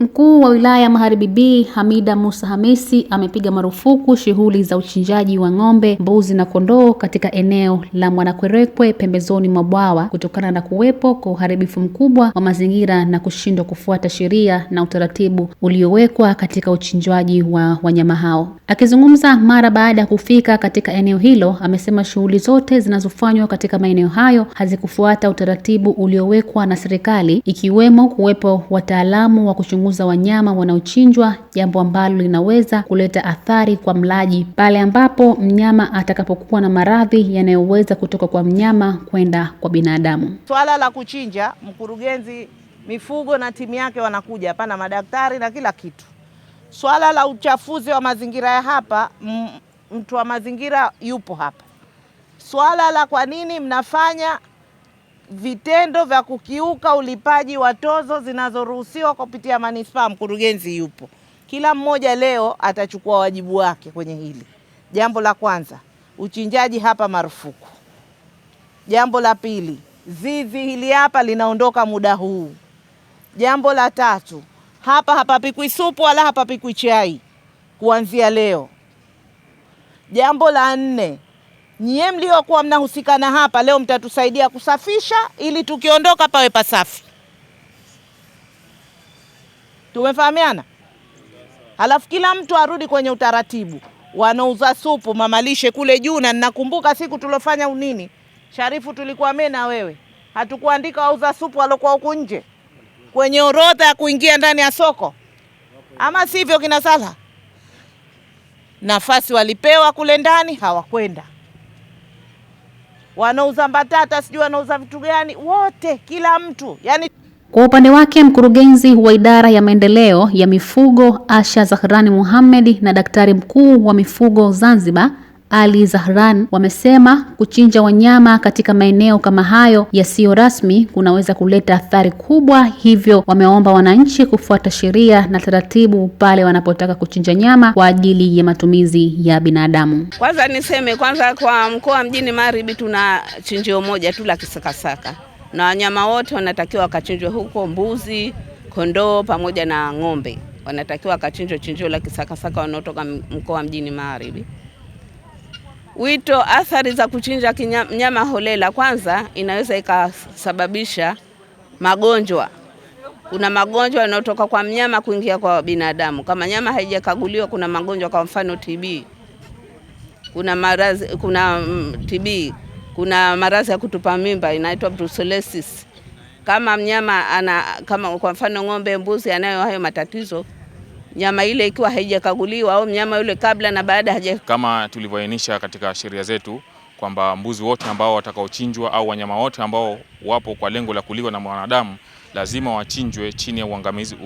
Mkuu wa wilaya ya Magharibi B Hamida Musa Hamisi amepiga marufuku shughuli za uchinjaji wa ng'ombe, mbuzi na kondoo katika eneo la Mwanakwerekwe pembezoni mwa bwawa kutokana na kuwepo kwa uharibifu mkubwa wa mazingira na kushindwa kufuata sheria na utaratibu uliowekwa katika uchinjwaji wa wanyama hao. Akizungumza mara baada ya kufika katika eneo hilo, amesema shughuli zote zinazofanywa katika maeneo hayo hazikufuata utaratibu uliowekwa na serikali, ikiwemo kuwepo wataalamu wa kuchunguza kupunguza za wanyama wanaochinjwa, jambo ambalo linaweza kuleta athari kwa mlaji pale ambapo mnyama atakapokuwa na maradhi yanayoweza kutoka kwa mnyama kwenda kwa binadamu. Swala la kuchinja, mkurugenzi mifugo na timu yake wanakuja hapa na madaktari na kila kitu. Swala la uchafuzi wa mazingira ya hapa, mtu wa mazingira yupo hapa. Swala la kwa nini mnafanya vitendo vya kukiuka ulipaji wa tozo zinazoruhusiwa kupitia manispaa, mkurugenzi yupo. Kila mmoja leo atachukua wajibu wake kwenye hili. Jambo la kwanza, uchinjaji hapa marufuku. Jambo la pili, zizi hili hapa linaondoka muda huu. Jambo la tatu, hapa hapapikwi supu wala hapapikwi chai kuanzia leo. Jambo la nne nyie mliokuwa mnahusikana hapa leo mtatusaidia kusafisha ili tukiondoka pawe pasafi. Tumefahamiana? Halafu kila mtu arudi kwenye utaratibu. Wanauza supu mamalishe kule juu, na ninakumbuka siku tuliofanya unini, Sharifu, tulikuwa mimi na wewe, hatukuandika wauza supu walokuwa huku nje kwenye orodha ya kuingia ndani ya soko, ama sivyo? Kina Sala nafasi walipewa kule ndani, hawakwenda wanauza mbatata, sijui wanauza vitu gani, wote kila mtu yani. Kwa upande wake mkurugenzi wa idara ya maendeleo ya mifugo Asha Zahrani Mohamed na daktari mkuu wa mifugo Zanzibar ali Zahran wamesema kuchinja wanyama katika maeneo kama hayo yasiyo rasmi kunaweza kuleta athari kubwa, hivyo wameomba wananchi kufuata sheria na taratibu pale wanapotaka kuchinja nyama kwa ajili ya matumizi ya binadamu. Kwanza niseme kwanza, kwa mkoa mjini Magharibi tuna chinjio moja tu la Kisakasaka, na wanyama wote wanatakiwa wakachinjwe huko, mbuzi, kondoo pamoja na ng'ombe wanatakiwa wakachinjwe chinjio la Kisakasaka wanaotoka mkoa mjini Magharibi. Wito, athari za kuchinja mnyama holela, kwanza inaweza ikasababisha magonjwa. Kuna magonjwa yanayotoka kwa mnyama kuingia kwa binadamu, kama nyama haijakaguliwa. Kuna magonjwa, kwa mfano TB, kuna maradhi, kuna mm, TB, kuna maradhi ya kutupa mimba inaitwa brucellosis. Kama mnyama ana, kama kwa mfano ng'ombe, mbuzi anayo hayo matatizo nyama ile ikiwa haijakaguliwa au mnyama yule kabla na baada haja. Kama tulivyoainisha katika sheria zetu kwamba mbuzi wote ambao watakaochinjwa au wanyama wote ambao wapo kwa lengo la kuliwa na mwanadamu lazima wachinjwe chini ya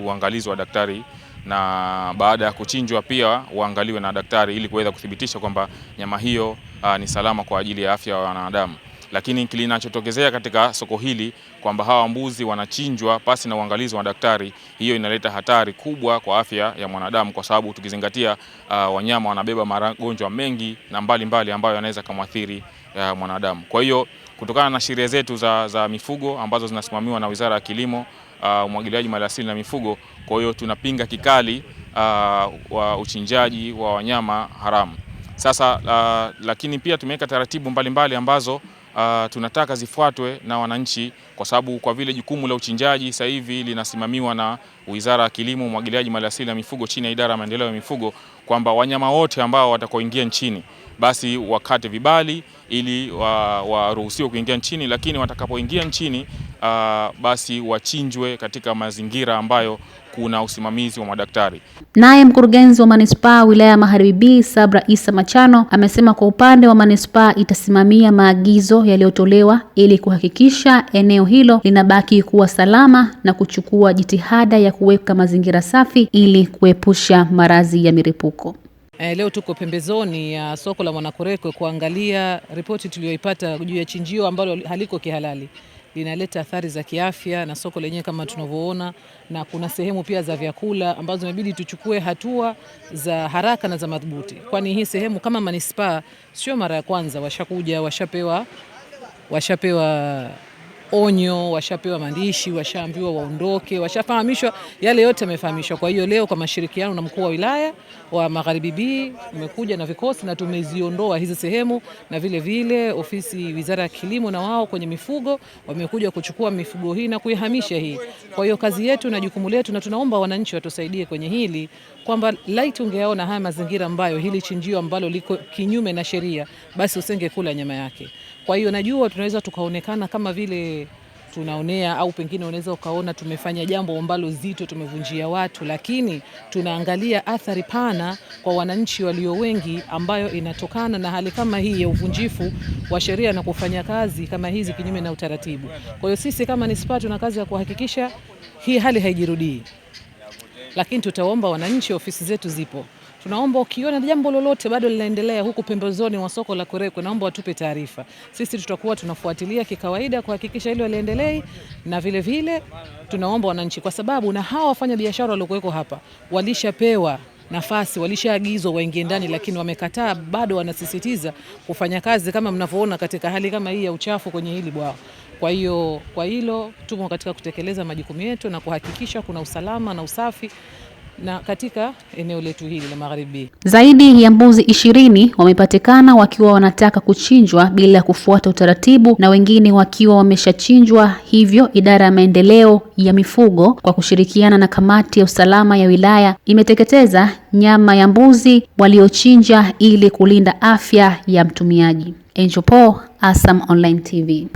uangalizi wa daktari, na baada ya kuchinjwa pia waangaliwe na daktari ili kuweza kuthibitisha kwamba nyama hiyo a, ah, ni salama kwa ajili ya afya ya wanadamu lakini kinachotokezea katika soko hili kwamba hawa mbuzi wanachinjwa pasi na uangalizi wa daktari, hiyo inaleta hatari kubwa kwa afya ya mwanadamu, kwa sababu tukizingatia uh, wanyama wanabeba magonjwa mengi na mbalimbali mbali ambayo yanaweza kumwathiri uh, mwanadamu. Kwa hiyo kutokana na sheria zetu za, za mifugo ambazo zinasimamiwa na Wizara ya Kilimo, uh, Umwagiliaji Maliasili na Mifugo, kwa hiyo tunapinga kikali uh, wa uchinjaji wa wanyama haramu. Sasa uh, lakini pia tumeweka taratibu mbalimbali mbali ambazo uh, tunataka zifuatwe na wananchi, kwa sababu kwa vile jukumu la uchinjaji sasa hivi linasimamiwa na Wizara ya Kilimo, Umwagiliaji, Maliasili na Mifugo chini ya Idara ya Maendeleo ya Mifugo, kwamba wanyama wote ambao watakoingia nchini basi wakate vibali ili waruhusiwe wa kuingia nchini, lakini watakapoingia nchini uh, basi wachinjwe katika mazingira ambayo kuna usimamizi wa madaktari. Naye mkurugenzi wa manispaa wilaya ya Magharibi B Sabra Isa Machano amesema kwa upande wa manispaa itasimamia maagizo yaliyotolewa ili kuhakikisha eneo hilo linabaki kuwa salama na kuchukua jitihada ya kuweka mazingira safi ili kuepusha maradhi ya milipuko. E, leo tuko pembezoni ya soko la Mwanakwerekwe kuangalia ripoti tuliyoipata juu ya chinjio ambalo haliko kihalali linaleta athari za kiafya na soko lenyewe kama tunavyoona, na kuna sehemu pia za vyakula ambazo imebidi tuchukue hatua za haraka na za madhubuti, kwani hii sehemu kama manispaa sio mara ya kwanza, washakuja washapewa washapewa onyo, washapewa maandishi, washaambiwa waondoke, washafahamishwa yale yote yamefahamishwa. Kwa hiyo leo kwa mashirikiano na mkuu wa wilaya wa Magharibi B umekuja na vikosi na tumeziondoa hizi sehemu, na vile vile ofisi Wizara ya Kilimo na wao kwenye mifugo wamekuja kuchukua mifugo hii na kuihamisha hii. Kwa hiyo kazi yetu na jukumu letu, na tunaomba wananchi watusaidie kwenye hili kwamba light ungeona haya mazingira ambayo hili chinjio ambalo liko kinyume na sheria, basi usenge kula nyama yake. Kwa hiyo najua tunaweza tukaonekana kama vile tunaonea au pengine unaweza ukaona tumefanya jambo ambalo zito, tumevunjia watu, lakini tunaangalia athari pana kwa wananchi walio wengi, ambayo inatokana na hali kama hii ya uvunjifu wa sheria na kufanya kazi kama hizi kinyume na utaratibu. Kwa hiyo sisi kama NISPAA tuna kazi ya kuhakikisha hii hali haijirudii, lakini tutaomba wananchi, ofisi zetu zipo Tunaomba ukiona jambo lolote bado linaendelea huku pembezoni mwa soko la Kwerekwe, naomba watupe taarifa. Sisi tutakuwa tunafuatilia kikawaida kuhakikisha hilo liendelee, na vile vile tunaomba wananchi, kwa sababu na hawa wafanya biashara waliokuweko hapa walishapewa nafasi walishaagizwa waingie ndani, lakini wamekataa. Bado wanasisitiza kufanya kazi kama mnavyoona katika hali kama hii ya uchafu kwenye hili bwawa. Kwa hiyo kwa hilo tumo katika kutekeleza majukumu yetu na kuhakikisha kuna usalama na usafi na katika eneo letu hili la magharibi. Zaidi ya mbuzi ishirini wamepatikana wakiwa wanataka kuchinjwa bila kufuata utaratibu na wengine wakiwa wameshachinjwa. Hivyo idara ya maendeleo ya mifugo kwa kushirikiana na kamati ya usalama ya wilaya imeteketeza nyama ya mbuzi waliochinja ili kulinda afya ya mtumiaji. Angel Paul, ASAM Online TV.